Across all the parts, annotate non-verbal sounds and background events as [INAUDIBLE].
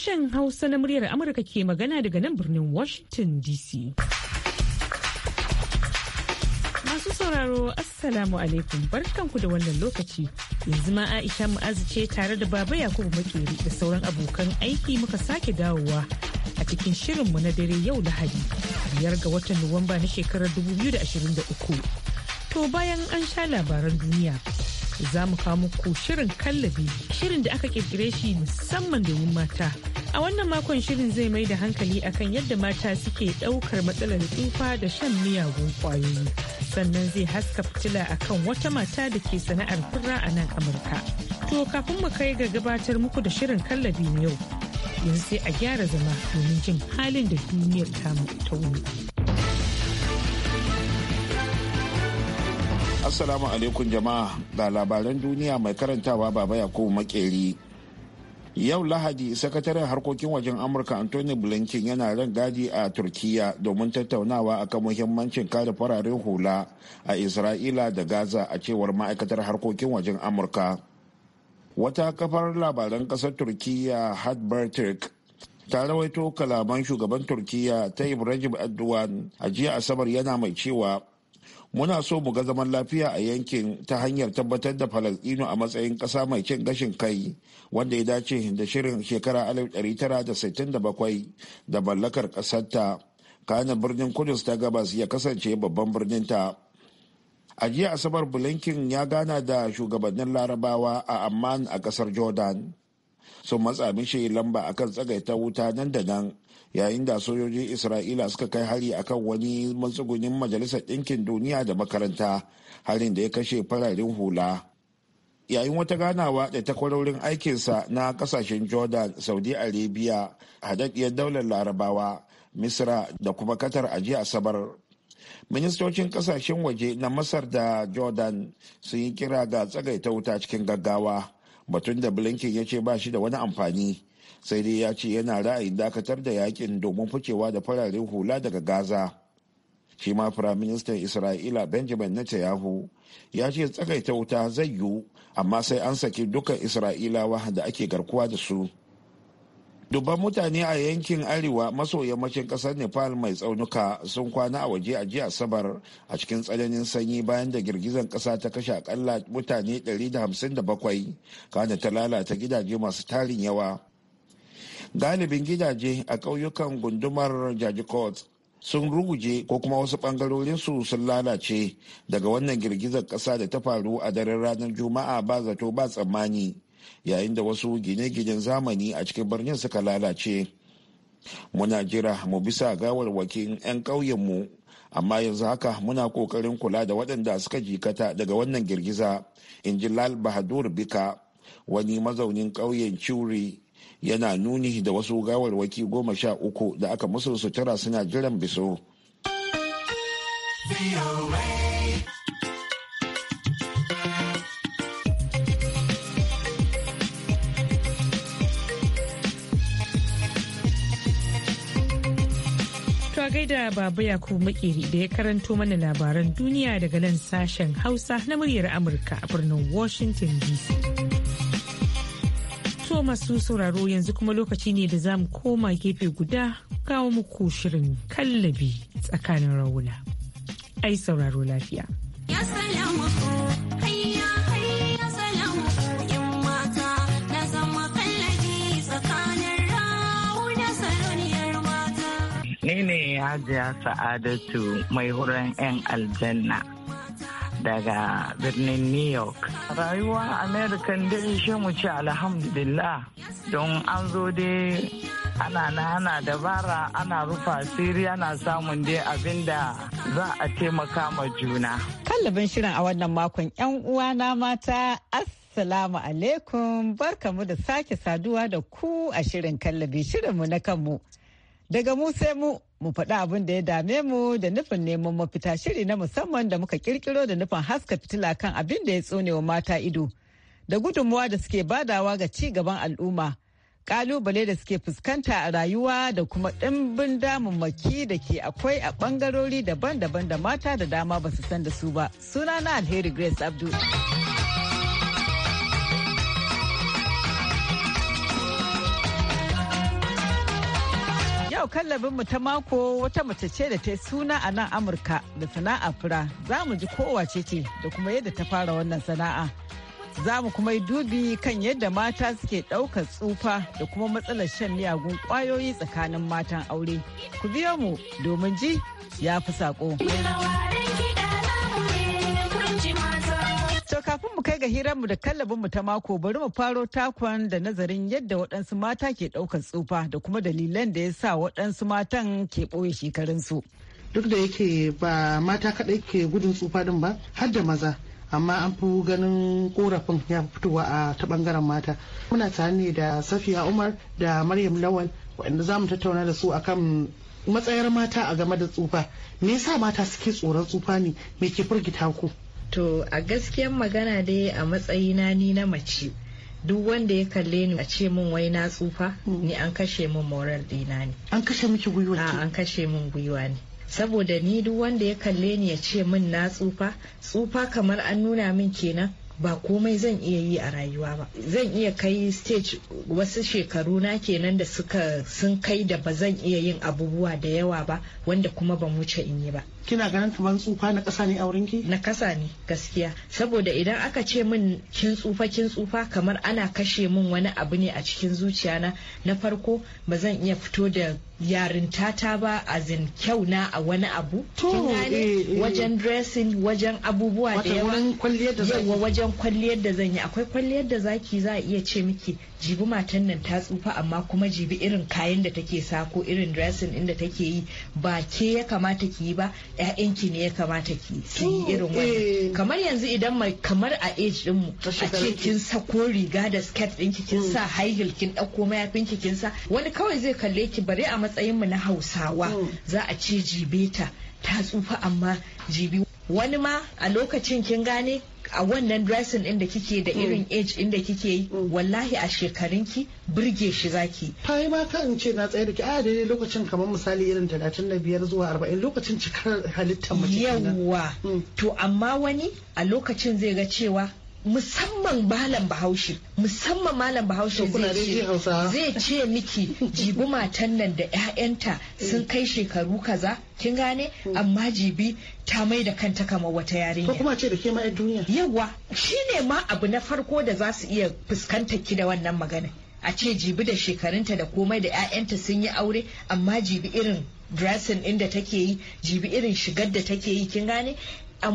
Sashen Hausa na muryar Amurka ke magana daga nan birnin Washington DC. Masu sauraro Assalamu alaikum barkanku da wannan lokaci. Yanzu ma Aisha Mu'azu ce tare da Baba Yakubu Makeri da sauran abokan aiki muka sake dawowa a cikin shirinmu na dare yau Lahadi, biyar ga watan Nuwamba na shekarar 2023. To bayan an sha labaran duniya. za mu kawo muku shirin kallabi shirin da aka kirkire shi musamman domin mata a wannan makon shirin zai mai da hankali akan yadda mata suke ɗaukar matsalar tsufa da shan miyagun ƙwayoyi sannan zai haska fitila akan wata mata da ke sana'ar fura a nan amurka to kafin mu kai ga gabatar muku da shirin kallabi na yau yanzu sai a gyara zama domin jin halin da duniyar tamu ta wuni. Assalamu alaikum jama'a da labaran duniya mai karantawa baba Yakubu Makeri. Yau Lahadi, sakataren harkokin wajen Amurka Anthony Blinken yana ran gadi a Turkiyya domin tattaunawa akan muhimmancin kare fararen hula a Isra'ila da Gaza a cewar ma'aikatar harkokin wajen Amurka. Wata kafar labaran ƙasar Turkiyya Hadbertik ta rawaito kalaman shugaban Turkiyya ta Ibrahim Erdogan a jiya Asabar yana mai cewa muna so mu ga zaman lafiya a yankin ta hanyar tabbatar da falasdino a matsayin ƙasa mai cin gashin kai wanda ya dace da shirin shekara 1967 da mallakar ƙasarta kana birnin kudus ta gabas ya kasance babban birninta a jiya asabar blinken ya gana da shugabannin larabawa a amman a kasar jordan sun matsa mishi lamba akan tsagaita wuta nan da nan yayin da sojojin isra'ila suka kai hari akan wani matsugunin majalisar ɗinkin duniya da makaranta harin da ya kashe fararen hula yayin wata ganawa da ta kwarorin aikinsa na kasashen jordan saudi arabia hadaddiyar daular larabawa misra da kuma katar a jiya asabar ministocin kasashen waje na masar da jordan sun yi kira ga tsagaita wuta cikin gaggawa batun da blinken ya ce ba shi da wani amfani sai dai ya ce yana ra'ayin dakatar da yakin domin ficewa da fararen hula daga gaza shi ma firaministan isra'ila benjamin netanyahu ya ce tsakaita wuta zai yiwu amma sai an saki dukkan isra'ilawa da ake garkuwa da su dubban mutane a yankin arewa maso yammacin kasar nepal mai tsaunuka sun kwana a waje a jiya asabar a cikin tsananin sanyi bayan da girgizar kasa ta kashe akalla mutane 157 kana ta lalata gidaje masu tarin yawa galibin gidaje a ƙauyukan gundumar jajikot sun ruguje ko kuma wasu bangarorin su sun lalace daga wannan girgizar ƙasa da ta faru a daren ranar juma'a ba zato ba tsammani yayin da wasu gine-ginen zamani a cikin birnin suka lalace muna jira mu bisa gawarwakin 'yan ƙauyenmu amma yanzu haka muna ƙoƙarin kula da waɗanda suka jikata daga wannan girgiza in ji lal bahadur bika wani mazaunin ƙauyen curi yana nuni da wasu gawarwaki goma sha uku da aka musu sutura suna jiran biso. To gaida Baba yakub Makeri da ya karanto mana labaran duniya daga nan sashen Hausa na muryar Amurka a birnin Washington DC. To masu sauraro yanzu kuma lokaci ne da za mu koma gefe guda kawo muku shirin kallabi tsakanin rawuna. Ai sauraro lafiya. ni ne hajiya sa'adatu mai huren 'yan aljanna daga birnin new york rayuwa american dai shi mu ce alhamdulillah don an zo dai ana na ana dabara ana rufa siri ana samun dai abinda da za a taimaka ma juna kallabin shirin a wannan makon 'yan uwana mata Assalamu alaikum barkamu da sake saduwa da ku a shirin kallabi shirinmu na kanmu. Daga mu sai mu mu faɗi abin da ya dame mu da nufin neman mafita shiri na musamman da muka kirkiro da nufin haska fitila kan abin da ya tsone wa mata ido da gudunmuwa da suke badawa ga ci gaban al'umma kalubale da suke fuskanta a rayuwa da kuma ɗimbin damammaki da ke akwai a ɓangarori daban-daban da mata da dama ba su san da su ba sunana alheri grace abdul yau kallabin mu ta mako wata mace ce da ta suna a nan Amurka da sana'a fura za mu ji kowace ce da kuma yadda ta fara wannan sana'a. Za mu kuma yi dubi kan yadda mata suke ɗaukar tsufa da kuma matsalar shan miyagun ƙwayoyi tsakanin matan aure. Ku biyo mu domin ji ya fi saƙo. To kafin mu kai ga hiranmu da kallabin mu ta mako bari mu faro takon da nazarin yadda waɗansu mata ke ɗaukar tsufa da kuma dalilan da ya sa waɗansu matan ke ɓoye shekarunsu. Duk da yake ba mata kaɗai ke gudun tsufa din ba, har da maza. amma an fi ganin korafin ya fitowa a ta bangaren mata muna tare ne da safiya umar da maryam lawal waɗanda za mu tattauna da su akan matsayar mata a game da tsufa me yasa mata suke tsoron tsufa ne me ke firgita ku To a gaskiyan magana dai a matsayina ni na mace duk wanda ya kalle ni a ce min wai na tsufa mm. ni an kashe min morar dina ne. An kashe miki gwiwa ne? An kashe min gwiwa ne. Saboda ni duk wanda ya kalle ni ya ce min na tsufa, tsufa kamar an nuna min kenan ba komai zan iya yi a rayuwa ba zan iya kai stage wasu shekaru na kenan da suka sun kai da ba zan iya yin abubuwa da yawa ba wanda kuma ban wuce in yi ba kina ganin kamar tsufa na ƙasa ne a wurin ki? Na ƙasa ne gaskiya saboda idan aka ce min kin tsufa kin tsufa kamar ana kashe min wani abu ne a cikin zuciya na na farko ba zan iya fito da yarintata ba a zin kyau na a wani abu. To eh, eh, eh. wajen dressing wajen abubuwa da yawa. Yawa wajen kwalliyar da zan yi akwai kwalliyar da zaki za a iya ce miki jibi matan nan ta tsufa amma kuma jibi irin kayan da take sa ko irin dressing inda take yi ba ke ya kamata ki yi ba 'ya'yanki ne ya kamata ki yi irin wani eh. kamar yanzu idan mai kamar a age din mu a ce kin ko riga da skirt din ki kin mm. sa high heel kin ɗauko ki kin sa wani kawai zai kalle ki bare a matsayin mu na Hausawa mm. za a ce jibeta ta tsufa amma jibi wani ma a lokacin kin gane a wannan dressing in da kike da mm. irin age in da kike yi mm. wallahi a shekarun ki burge shi zaki ta yi ma kan ce na tsaye da ki a daidai lokacin kamar misali irin talatin da biyar zuwa arba'in lokacin cikar halittar mace yawa mm. to amma wani a lokacin zai ga cewa musamman malam bahaushe musamman malam bahaushe zai ce miki jibi matan nan da 'ya'yanta sun kai shekaru kaza kin gane amma jibi ta mai da kanta kama wata yarinya ko kuma ce da ke ma duniya yawa shine ma abu na farko da za su iya fuskantar ki da wannan magana a ce jibi da shekarunta da komai da 'ya'yanta sun yi aure amma jibi irin dressing inda take yi jibi irin shigar da take yi kin gane a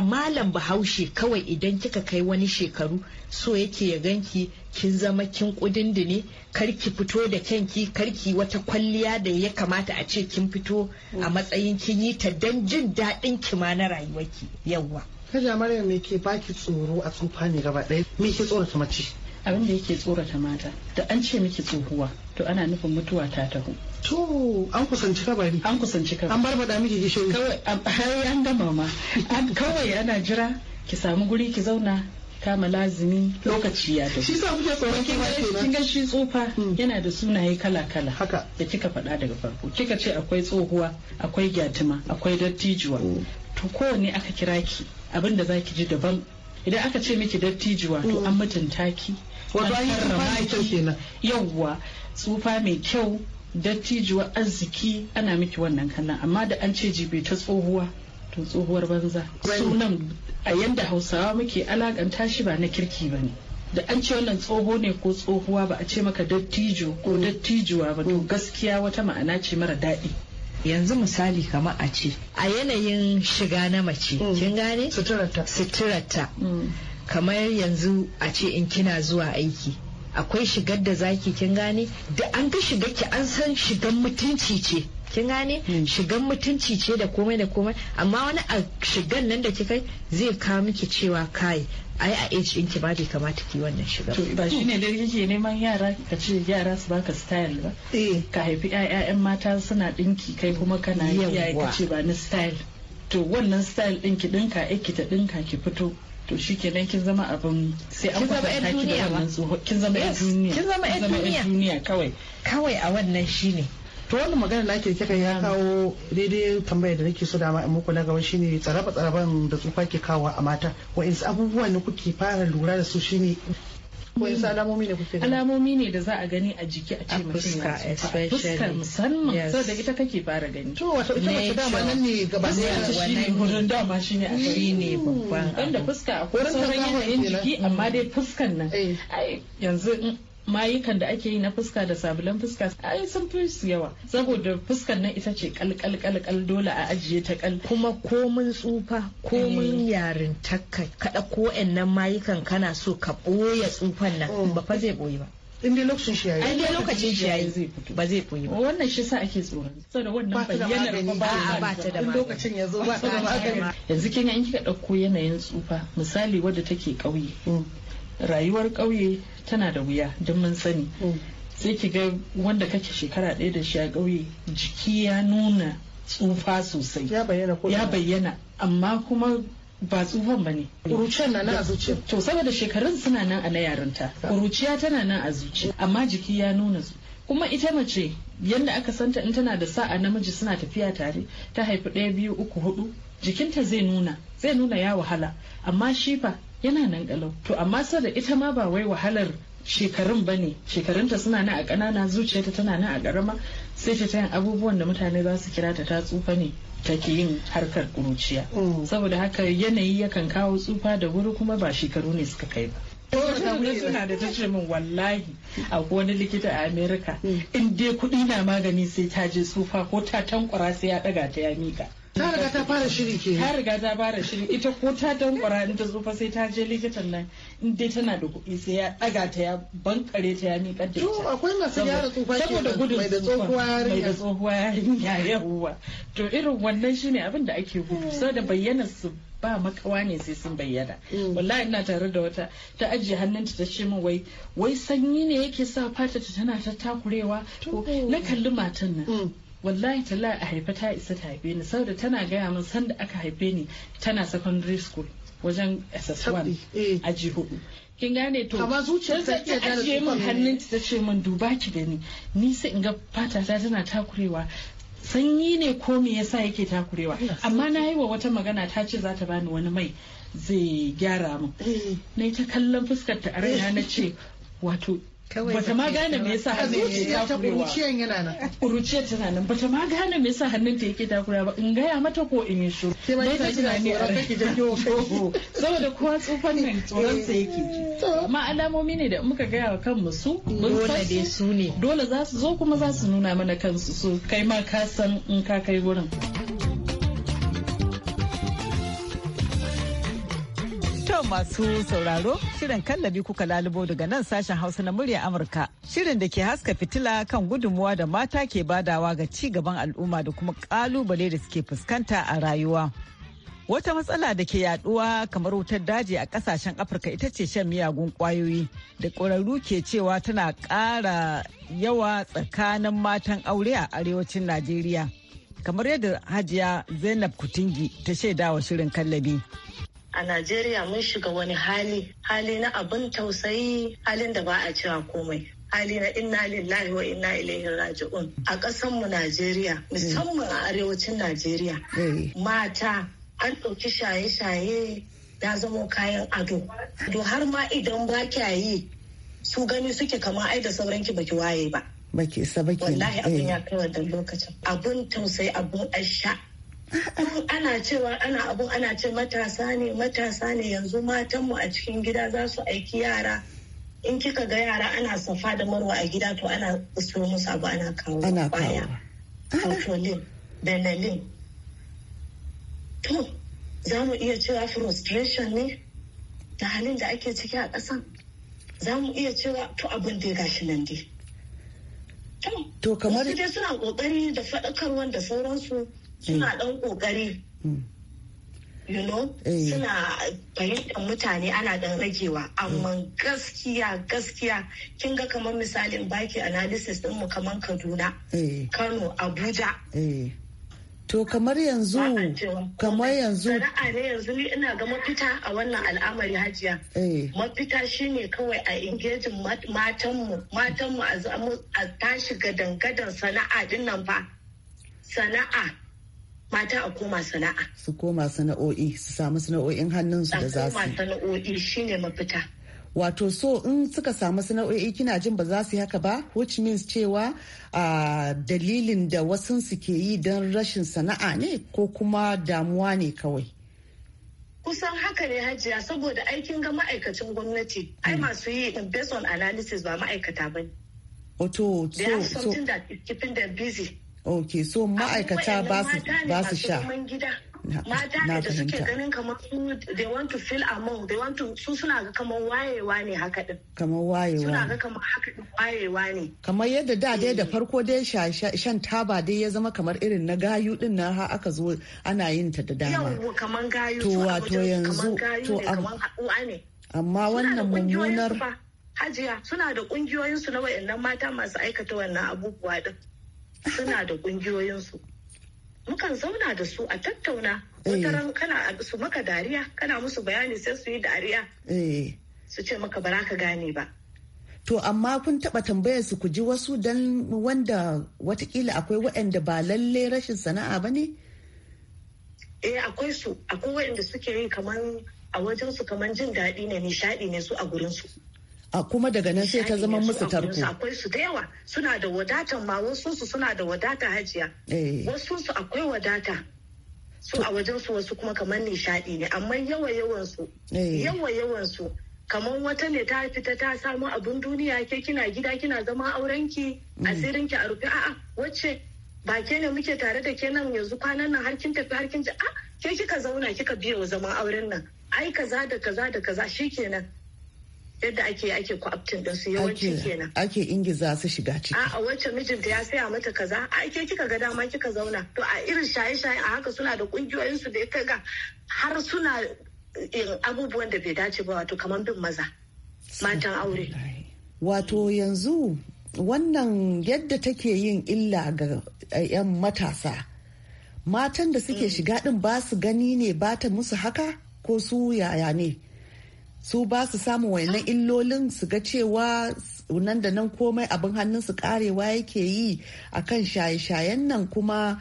malam bahaushe kawai idan kika kai wani shekaru so yake ya ganki kin zama kin ne karki fito da kyanki karki wata kwalliya da ya kamata a ce kin fito a matsayin kin yi ta don jin daɗin ki ma na rayuwarki yawwa kaja maryam me ke baki tsoro a tsufa ne gaba ɗaya me ke tsorata mace abin da yake tsorata mata da an ce miki tsohuwa to ana nufin mutuwa ta taho to an kusanci kabari an kusanci kabari an barbada miki gishiri kawai an gama ma kawai ana jira ki samu guri ki zauna kama lazimi lokaci ya tafi. Shi sa muke tsoron kima kenan. Kin ga shi tsufa hmm. yana da sunaye kala-kala. Haka. Da kika faɗa daga farko. Kika ce akwai tsohuwa, akwai gyatima, akwai dattijuwa. Hmm. To kowanne aka kira ki abin da zaki ji daban. Idan aka ce miki dattijuwa to hmm. an mutunta ki. Wato an yi kenan. Yawwa. tsufa mai kyau dattijuwar arziki ana miki wannan kallon amma da an ce jibe ta tsohuwa to tsohuwar banza sunan a yadda hausawa muke alakanta shi ba na kirki ba ne da an ce wannan tsoho ne ko tsohuwa ba a ce maka dattijo ko dattijuwa ba to gaskiya wata ma'ana ce mara daɗi yanzu misali kamar a ce a yanayin shiga na mace mm. kin gane suturarta mm. kamar yanzu a ce in kina zuwa aiki akwai shigar da zaki kin gane da an ga shigar ki an san shigar mutunci ce kin gane hmm. shigan mutunci ce da komai da komai amma wani a shigan nan da kika zai kawo miki cewa kai ai a age ki ba bai kamata ki wannan shigar. to ba shine da yake neman yara ka ce yara su baka style ba eh. ka haifi ƴaƴan mata suna ɗinki kai kuma kana yi ka ce ba ni style to wannan style ɗin ki ɗinka ta ɗinka ki fito to shi kenan kin zama abin sai an kwatanta ki da wannan tsoho kin zama yan duniya kin zama yan duniya kawai kawai a wannan shine to wannan magana na ke kika ya kawo daidai tambayar da nake so da ma muku na gaba shine tsaraba tsaraban da tsufa ke kawo a mata wa'insu abubuwan da kuke fara lura da su shine alamomi ne da za a gani a jiki a ce mutum ya fuska musamman saboda ita kake fara gani to wato ita mace dama nan ne gaba ne dama shine a ne mm. babban fuska akwai sauran yanayin jiki amma mm. dai fuskan nan eh. yanzu mayukan da ake yi na fuska da sabulan fuska ai sun fi su yawa saboda fuskar nan ita ce kal kal dole a ajiye ta kal kuma komun tsufa komun yarin takka kada ko eh. nan mayukan kana so ka boye tsufan nan oh. ba fa zai boye ba in dai lokacin shi yayi ai dai lokacin shi yayi zai fito ba zai boye ba wannan shi sa ake tsoro saboda wannan bayyanar ba ba ta da lokacin ya zo ba ta da magani yanzu kin ga in kika dauko yanayin tsufa misali wadda take kauye mm. rayuwar ƙauye tana da wuya don mun sani mm. sai ki ga wanda kake shekara ɗaya da shi a ƙauye jiki ya nuna tsufa sosai ya bayyana amma kuma ba tsufan ba ne. Kuruciyar na nan a zuciya. To saboda shekarun suna nan a na yarinta. Kuruciya ah. tana nan a zuciya amma jiki ya nuna su. Kuma ita mace yadda aka santa in tana da sa'a namiji suna tafiya tare ta haifi ɗaya biyu uku hudu jikinta zai nuna zai nuna ya wahala amma shifa. yana nan kalau to amma sada ita ma ba wai wahalar shekarun bane ne shekarunta suna nan a ƙanana zuciyarta tana nan a ƙarama sai ta yin abubuwan da mutane za su kira ta ta tsufa ne take yin harkar kuruciya mm. saboda haka yanayi yakan kawo tsufa da wuri kuma ba shekaru ne suka kai ba suna da tace min wallahi a wani likita a amerika mm. in dai kuɗi na magani sai ta je tsufa ko ta tankwara sai ya ɗaga ta ya mika ta riga ta fara shiri ke ta riga ta fara shiri ita ko ta dankwara in ta zufa sai ta je likitan nan in dai tana da kuɗi sai ya ɗaga ta ya bankare ta ya miƙar da ita akwai masu gyara tsufa ke saboda gudun mai da tsohuwa yarinya mai da tsohuwa yarinya yawa to irin wannan shine abin da ake gudu hmm. saboda bayyana su ba makawa ne sai sun bayyana hmm. wallahi ina tare da wata ta ajiye hannunta ta ce min wai wai sanyi ne yake sa fatata tana ta takurewa na kalli matan nan hmm. wallahi talla a haifa ta isa ta haife ni saboda tana gaya min sanda aka haife ni tana secondary school wajen ss1 eh. a kin gane to amma zuciyar ta iya ta ajiye min hannun ta ce min duba ki gani ni sai in ga fata ta tana takurewa sanyi ne ko me yasa yake takurewa amma na yi wa wata magana ta ce za ta bani wani mai zai gyara min eh. na ta kallon fuskar ta a raina na ce wato bata ma gane me yasa hannun yana nan kuruciyar tana nan bata ma gane me yasa hannun ta yake takura ba in gaya mata ko in yi shiru sai ba ta kina ne a kake janyo ko saboda kowa tsufan nan tsoron sa yake ji amma alamomi ne da muka gaya wa kanmu su mun san su ne dole za su zo kuma za su nuna mana kansu su kai ma ka san in ka kai gurin To masu sauraro, shirin kallabi kuka lalubo daga nan sashen Hausa na murya Amurka. Shirin da ke haska fitila kan gudunmuwa da mata ke badawa ga ci gaban al'umma da kuma kalubale da suke fuskanta a rayuwa. Wata matsala da ke yaduwa kamar wutar daji a kasashen Afirka ita ce shan miyagun kwayoyi da ƙwararru ke cewa tana ƙara yawa tsakanin matan aure a arewacin Najeriya. Kamar yadda Hajiya Zainab Kutingi ta shaidawa shirin kallabi. a najeriya mun shiga wani hali hali na abin tausayi halin da ba a cewa komai hali na inna lillahi wa inna ilaihi raji'un a mu najeriya musamman a arewacin najeriya eh. mata an ɗauki shaye-shaye ya zama kayan ado to har ma idan ba yi su gani suke kama ai da sauran ki baki waye ba baki sa baki wallahi abin ya eh. kai wannan lokacin abun tausayi abun asha ana cewa ana abu ana ce matasa ne matasa ne yanzu matanmu a cikin gida za su aiki yara in kika ga yara ana safa da marwa a gida to ana siyo musu abu ana kawo ana kwaya kofolin benelin to za mu iya cewa frustration ne da halin da ake ciki a ƙasan za mu iya cewa to abin da gashi nan dai to kamar dai suna kokari da faɗakarwa da sauransu suna dan eh. kokari mm. you know eh. suna fahimtar mutane ana dan ragewa amma mm. gaskiya gaskiya kin ga kamar misalin baki analysis din mu kamar Kaduna eh. Kano Abuja To kamar yanzu kamar yanzu sana'a ne yanzu ni ina ga mafita a wannan al'amari hajiya. Mafita shine kawai a ingejin matanmu matanmu a tashi gadan gadan sana'a dinnan ba. fa. Sana'a mata a koma sana'a su koma sana'o'i su samu sana'o'in hannun su da za su A koma sana'o'i shine mafita wato so in suka samu sana'o'i kina jin ba za su yi haka ba which means cewa dalilin da wasu su ke yi don rashin sana'a ne ko kuma damuwa ne kawai kusan haka ne hajiya saboda aikin ga ma'aikacin gwamnati ai mm. masu yi based on analysis ba ma'aikata ba ne. Wato, so, so, have something that is keeping them so, ok so ma'aikata ba su sha mata ne da suke ganin kamar they want to feel among they want to su suna ga kamar wayewa ne haka din kamar wayewa suna ga kamar haka din wayewa ne kamar yadda da dai da eh. farko dai shan taba dai ya zama kamar irin na gayu din nan ha aka zo ana yin ta da dama yawa kamar gayu to wato yanzu to amma wannan mummunar hajiya suna da kungiyoyinsu na wayannan mata masu aikata wannan abubuwa din suna da kungiyoyinsu mukan zauna da su a tattauna eh. wataran kana su maka dariya kana musu bayani sai su yi dariya eh. su ce maka bara ka gane ba to amma kun taba tambayar su ku ji wasu don wanda watakila akwai waɗanda ba lalle rashin sana'a ba ne eh akwai su akwai waɗanda suke yi kamar a wajen su kamar jin daɗi ne nishaɗi ne su a gurin su a kuma daga nan sai ta zama musu tarko akwai su da yawa suna da wadata ma wasu su suna da wadata hajiya eh. wasu su akwai wadata su a wajen su wasu kuma kamar nishadi ne amma yawa yawan su eh. yawa yawan su kamar wata ne ta fita ta samu abin duniya ke kina gida kina zama aurenki mm. asirinki a rufe a'a wacce ba ke ne muke tare da ke nan yanzu kwanan nan har kin tafi har kin ji a ah, ke kika zauna kika biya wa zaman auren nan ai kaza da kaza da kaza shikenan yadda ake ake kwaftin da su yawanci kenan ake ingiza su shiga ciki a wacce mijinta ya saya mata kaza a ke kika ga dama kika zauna to a irin shaye-shaye a haka suna da kungiyoyin su da ya ga har suna abubuwan da bai dace ba wato kamar bin maza matan aure wato yanzu wannan yadda take yin illa ga 'yan matasa matan da suke mm. shiga din ba su gani ne ba ta musu haka ko su yaya ne su ba su samu wannan illolin su ga cewa nan da nan komai abin hannun su karewa yake yi akan shaye-shayen nan kuma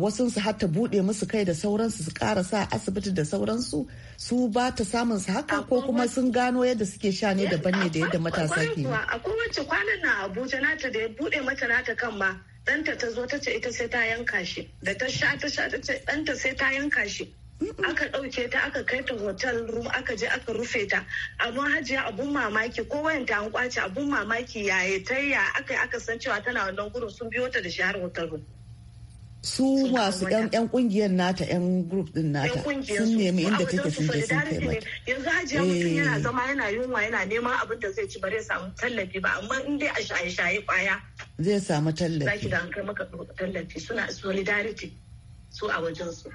wasu su hata bude musu kai da sauransu su kara sa asibiti da sauransu su ba ta samun su haka ko kuma sun gano yadda suke sha ne daban ne da yadda matasa ke yi. Akwai wacce kwanan na Abuja nata da ya bude mata nata kan ma ɗanta ta zo ta ce ita sai ta yanka shi da ta sha ta sha ta ce ɗanta sai ta yanka shi aka ɗauke ta aka kai ta hotel room aka je aka rufe ta amma hajiya abun mamaki ko ta an kwace abun mamaki yaya ta yi aka aka san cewa tana wannan gurin sun biyo ta da shi har hotel room su masu yan ƴan ƙungiyar nata ƴan group din nata sun nemi inda take sun je sun kai mata yanzu hajiya mutum yana eh. zama yana yunwa yana neman abin da zai ci bare samu tallafi ba amma in dai a shaye shaye kwaya zai samu tallafi zaki da an kai maka tallafi suna solidarity su a wajen su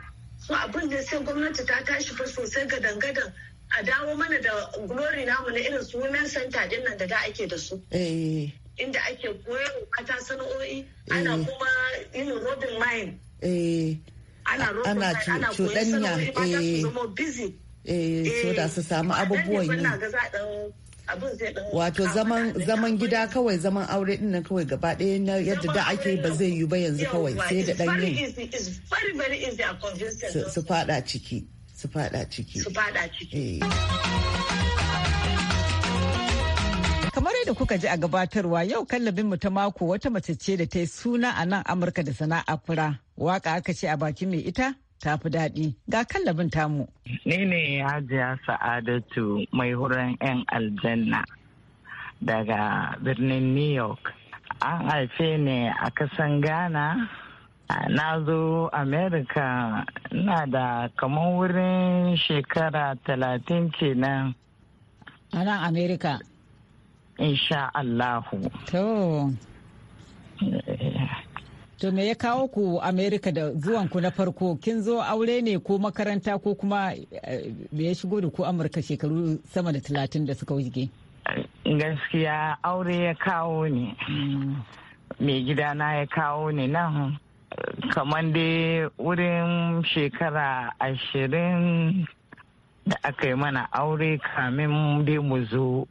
so abin da sai gwamnati ta tashi fa sosai ga dangadan a dawo mana da glory namu na irin su women center din nan da da ake da su eh. inda ake koyarwa mata sana'o'i eh. ana kuma yin robin mine eh. ana robin mine ana koyar sana'o'i mata su zama busy eh so da su samu abubuwan yi wato zaman gida kawai zaman aure din nan kawai gaba ɗaya na yadda da ake ba zai yi ba yanzu kawai sai da dan yin su fada ciki su fada ciki su fada ciki eh. kamar yadda kuka ji a gabatarwa yau kallabin mu ta mako wata mace ce da ta yi suna a nan amurka da sana'a fura waka aka ce a bakin mai ita ta fi daɗi ga kallabin tamu. Ni ne Hajiya Sa'adatu mai huren 'yan aljanna daga birnin New York. An haife ne a kasan Ghana. Na zo America na da kamar wurin shekara talatin kenan. A nan America? Insha Allahu. Eh. To me ya kawo ku Amerika da zuwan ku na farko kin zo aure ne ko makaranta ko kuma eh, me ya shigo da ku Amurka shekaru sama da talatin da suka wuce? Gaskiya aure ya kawo ne. Mai gidana ya kawo ne nan kamar dai wurin shekara ashirin da aka yi mana aure kamin dai mu zo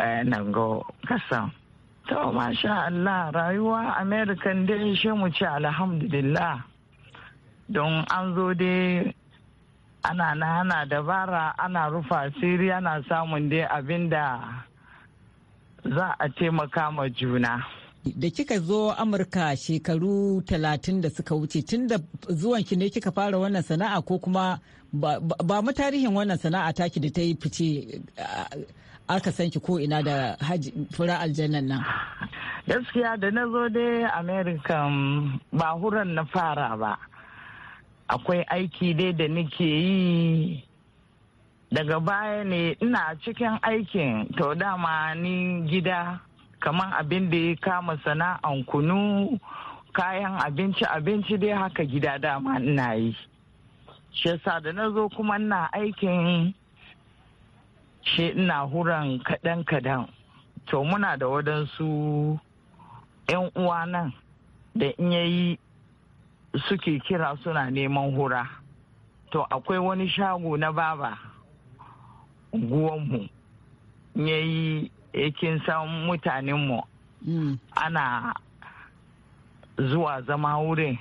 eh, nan ga kasan. To masha Allah rayuwa American dai shi mu ci alhamdulillah don an zo dai ana na ana dabara ana rufa siri ana samun dai abinda za a taimaka ma juna. Da kika zo Amurka shekaru talatin da suka wuce tun da zuwanki ne kika fara wannan sana'a ko kuma ba mu tarihin wannan sana'a taki da ta yi fice aka san ki ko ina da fura aljannan nan gaskiya da na zo dai amerika um, ba huran na fara ba akwai aiki dai da nake yi daga baya ne ina cikin aikin to dama ni gida kamar abin da ya kama sana'an kunu kayan abinci abinci dai haka gida dama ina yi shi da na zo kuma ina aikin shi ina huran kaɗan-kaɗan to muna da waɗansu 'yan uwa nan da in yayi suke kira suna neman hura to akwai wani shago na baba guwanmu yayi yakin san mutanenmu mm. ana zuwa zama wurin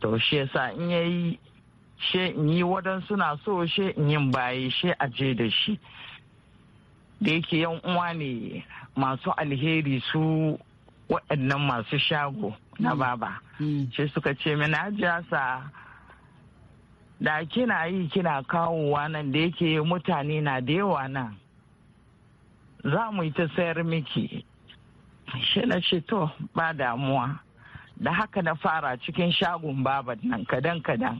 to shi yasa in yayi she in yi waɗansu na so she in yin baye she aje da shi da yake yan uwa ne masu alheri su waɗannan masu shago na mm. baba mm. shi suka ce mina jasa da kina yi kina kawowa nan da yake mutane na da yawa nan za mu yi ta sayar miki shi na ce to ba damuwa da haka na fara cikin shagon baban nan kadan kadan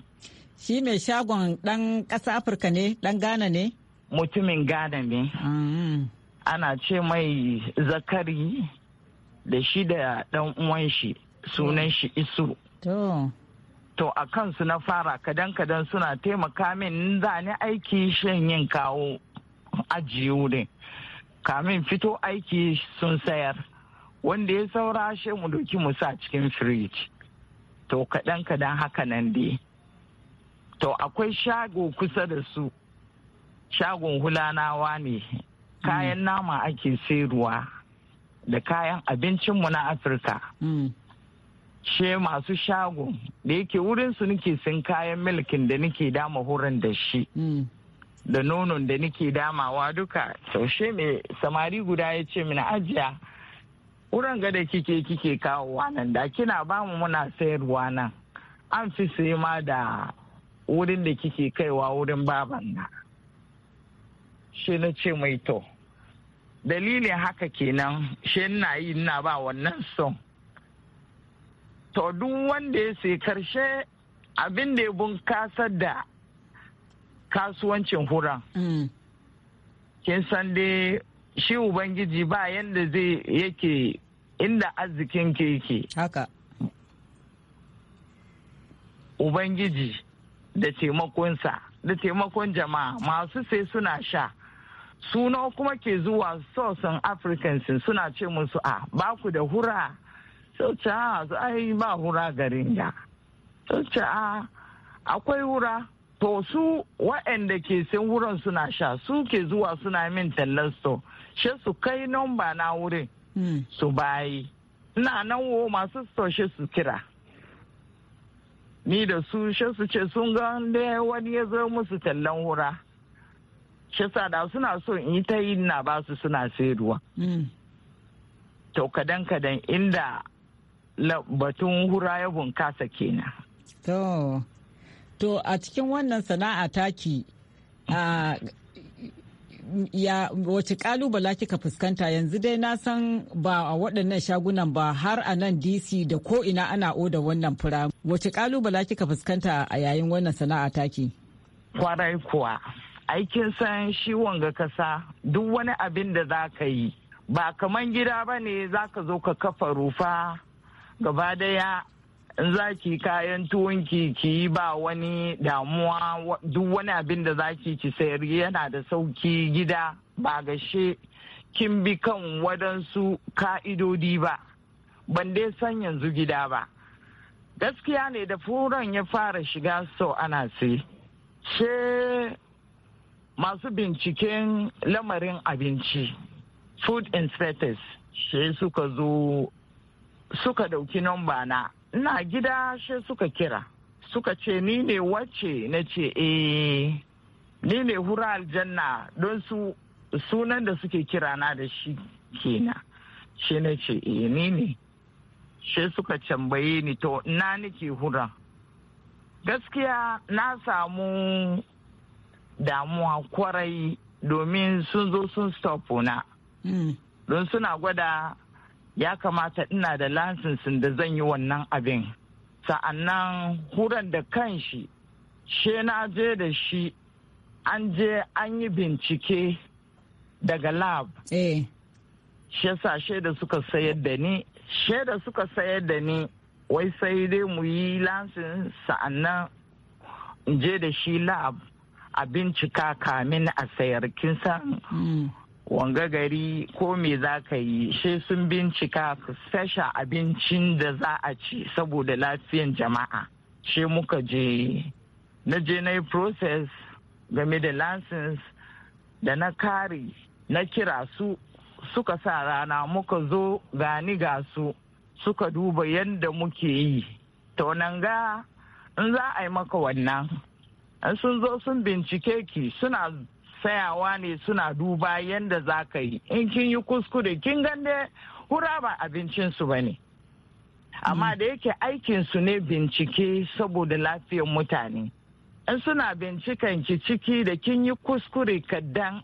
shi mai shagon dan ƙasa afirka ne dan ghana ne mutumin gada ne. Mm-hmm. Ana ce mai zakari da shi da ɗan uwan shi sunan shi isu. To a kansu na fara kadan-kadan suna taimaka min za ni aiki shan yin kawo ajiye wurin. Kamin fito aiki sun sayar. Wanda ya saura shi mu doki mu sa cikin firij To kadan-kadan haka nan dai. To akwai shago kusa da su. shagon hulanawa ne kayan mm. nama ake sayarwa da kayan abincinmu na afirka mm. she masu shagon da yake wurinsu nake sun kayan milkin da nake dama hurin da shi mm. da nonon da nake damawa duka taushe mai samari guda ya ce mini ajiya wurin gada kike kike kawowa nan da kina bamu muna sayarwa nan an fi sai ma da wurin da kike kaiwa wurin baban na shi na ce mai to dalilin haka kenan shi na yi na ba wannan son to duk wanda ya sai karshe abin da ya bunkasar da kasuwancin huran mm. kin san dai shi ubangiji ba yadda zai yake inda arzikin ke yake haka ubangiji da taimakonsa da taimakon jama'a masu sai suna sha Suna kuma ke zuwa sosan africans suna ce musu a ah, ba ku da hura ce a ah, ai ba hura garin ya ce a ah, akwai hura to su waɗanda ke sin wurin suna sha su ke zuwa suna min tallasto she su kai nomba na wurin hmm. su bayi na nan wo masu toshe su kira ni da su she su ce sun ga wani ya zo musu tallan hura shi da suna so in yi ta yi na ba su suna ruwa. Mm. to kadan kadan inda batun hura ya bunkasa kenan to to a cikin wannan sana'a taki a ya wace kalubala kika fuskanta yanzu dai na san ba a waɗannan shagunan ba har a nan dc da ko ina ana oda wannan fura wace kalubala kika fuskanta a yayin wannan sana'a taki kwarai kuwa aikin san shi wanga kasa duk wani abin da za ka yi ba kaman gida ba ne za ka zo ka kafa rufa gaba daya in za ki kayan tuwon ki yi ba wani damuwa duk wani abin da za ki ci sayar yana da sauki gida ba gashe kin bi kan wadansu ka'idodi ba ban dai san yanzu gida ba gaskiya ne da furan ya fara shiga sau ana sai masu binciken lamarin abinci food inspectors she suka zo suka dauki namba na ina gida she suka kira suka ce ni ne wacce na ce eh ni ne hura aljanna don su sunan da suke kira na da shi kenan she na ce eh ni ne she suka cambaye ni to na nake hura gaskiya na samu damuwa kwarai domin sun zo sun stopuna. Hmm. Don suna gwada ya kamata ina da lansinsin da zan yi wannan abin. Sa'annan huran da kanshi, she na je da shi an je an yi bincike daga lab. Eh. Shi yasa shaida suka sayar da ni, shaida suka sayar da ni wai sai dai mu yi lansin sa'annan je da shi lab. a bincika kamin a sayar kin san mm. wanga gari ko me za ka yi she sun bincika su sasha abincin da za a ci saboda lafiyan jama'a she muka je na je na yi process game da license da na kare na kira su suka sa rana muka zo gani ga su suka duba yadda muke yi to nan ga in za a yi maka wannan in sun zo sun bincike ki suna sayawa ne suna duba yadda za ka yi in kin yi kuskure kin gande hura ba abincinsu ba ne amma mm. da yake aikinsu ne bincike saboda lafiyar mutane in suna binciken ki ciki da kin yi kuskure kaddan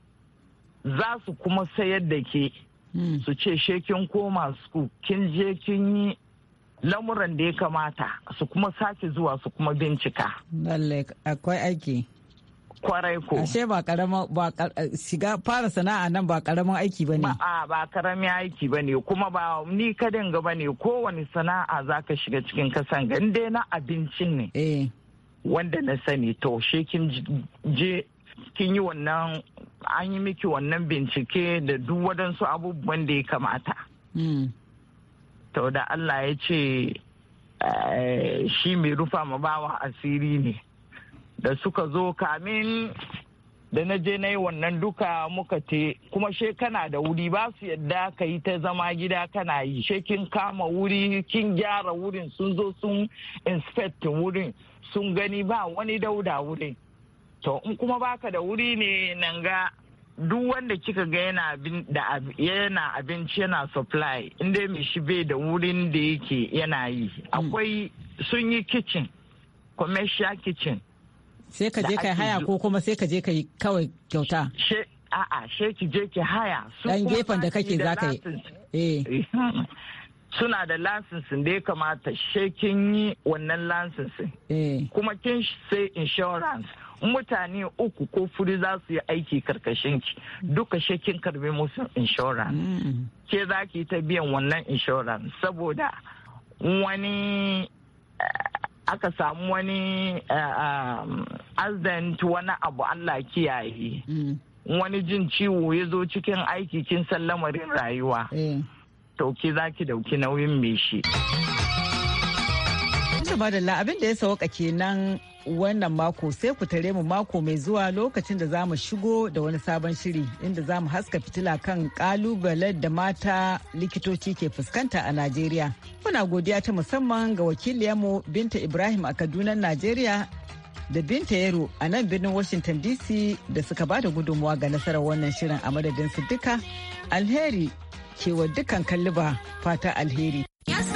za su kuma sayar da ke mm. su ce kin koma su kin je kin yi lamuran da ya kamata su kuma sake zuwa su kuma bincika. Lalle akwai aiki. Kwarai ko. Ashe ba karamin ba shiga fara sana'a nan ba karamin aiki ba ne. ba karamin aiki bane kuma ba ni kadin ga bane kowane sana'a za ka shiga cikin kasan gande dai na abincin ne. Eh. Wanda na sani to she kin je kin yi wannan an yi miki wannan bincike da duk wadansu abubuwan da ya kamata. Hmm. to da Allah ya ce eh, shi mai rufa ma bawa asiri ne da suka zo kamin da na je na yi wannan duka muka te kuma she kana da wuri ba su yadda ka yi ta zama gida kana yi she kin kama wuri kin gyara wurin sun zo sun inspectin wurin sun gani ba wani dauda wurin to in kuma baka da wuri ne nan ga duk wanda kika ga yana yana abinci yana supply inda mai shi bai da wurin da yake yana yi hmm. akwai sun yi kitchen commercial kitchen sai ka je kai haya ko kuma sai ka je kai kawai kyauta a'a sai ki je ki haya dan gefen da kake za ka yi eh. [LAUGHS] suna da lansinsin da ya kamata sai kin yi wannan lansinsin eh. kuma kin sai insurance mutane uku ko furi za su yi aiki karkashin ki duka shekin karbe musu insurance mm. ke za ki ta biyan wannan insurance saboda wani eh, aka samu wani eh, um, accident wani abu Allah kiyaye mm. wani jin ciwo ya zo cikin aiki kin san lamarin rayuwa eh. to ki za ki dauki nauyin me shi. abin da ya sauka kenan wannan mako sai ku tare mu mako mai zuwa lokacin da za mu shigo da wani sabon shiri inda za mu haska fitila kan kalubalen da mata likitoci ke fuskanta a Najeriya. Muna godiya ta musamman ga wakiliyarmu Binta Ibrahim a Kaduna, Najeriya da Binta Yaro a nan birnin Washington DC da suka ba da gudunmuwa ga nasarar wannan shirin a madadin su duka. Alheri kewa dukan kalliba fata alheri. Yes,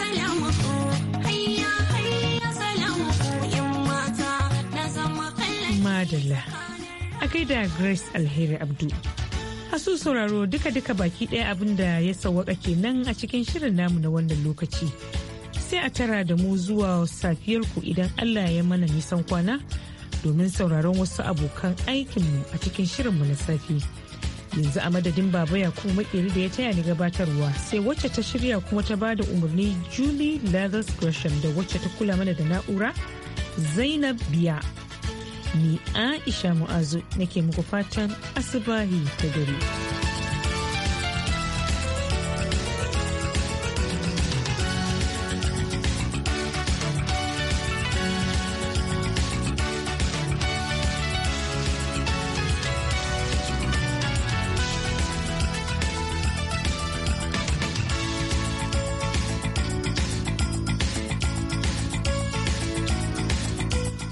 madalla a gaida grace alheri abdu hasu sauraro duka-duka baki ɗaya abin da ya sauwaka kenan a cikin shirin namu na wannan lokaci sai a tara da mu zuwa safiyarku idan allah ya mana nisan kwana domin sauraron wasu abokan aikinmu a cikin shirinmu na safi. yanzu a madadin baba ya kuma makeri da ya taya ni gabatarwa sai wacce ta shirya kuma ta ba da umarni julie lagos gresham da wacce ta kula mana da na'ura zainab biya ni aisha mu'azu nake muku fatan asibahi ta gari.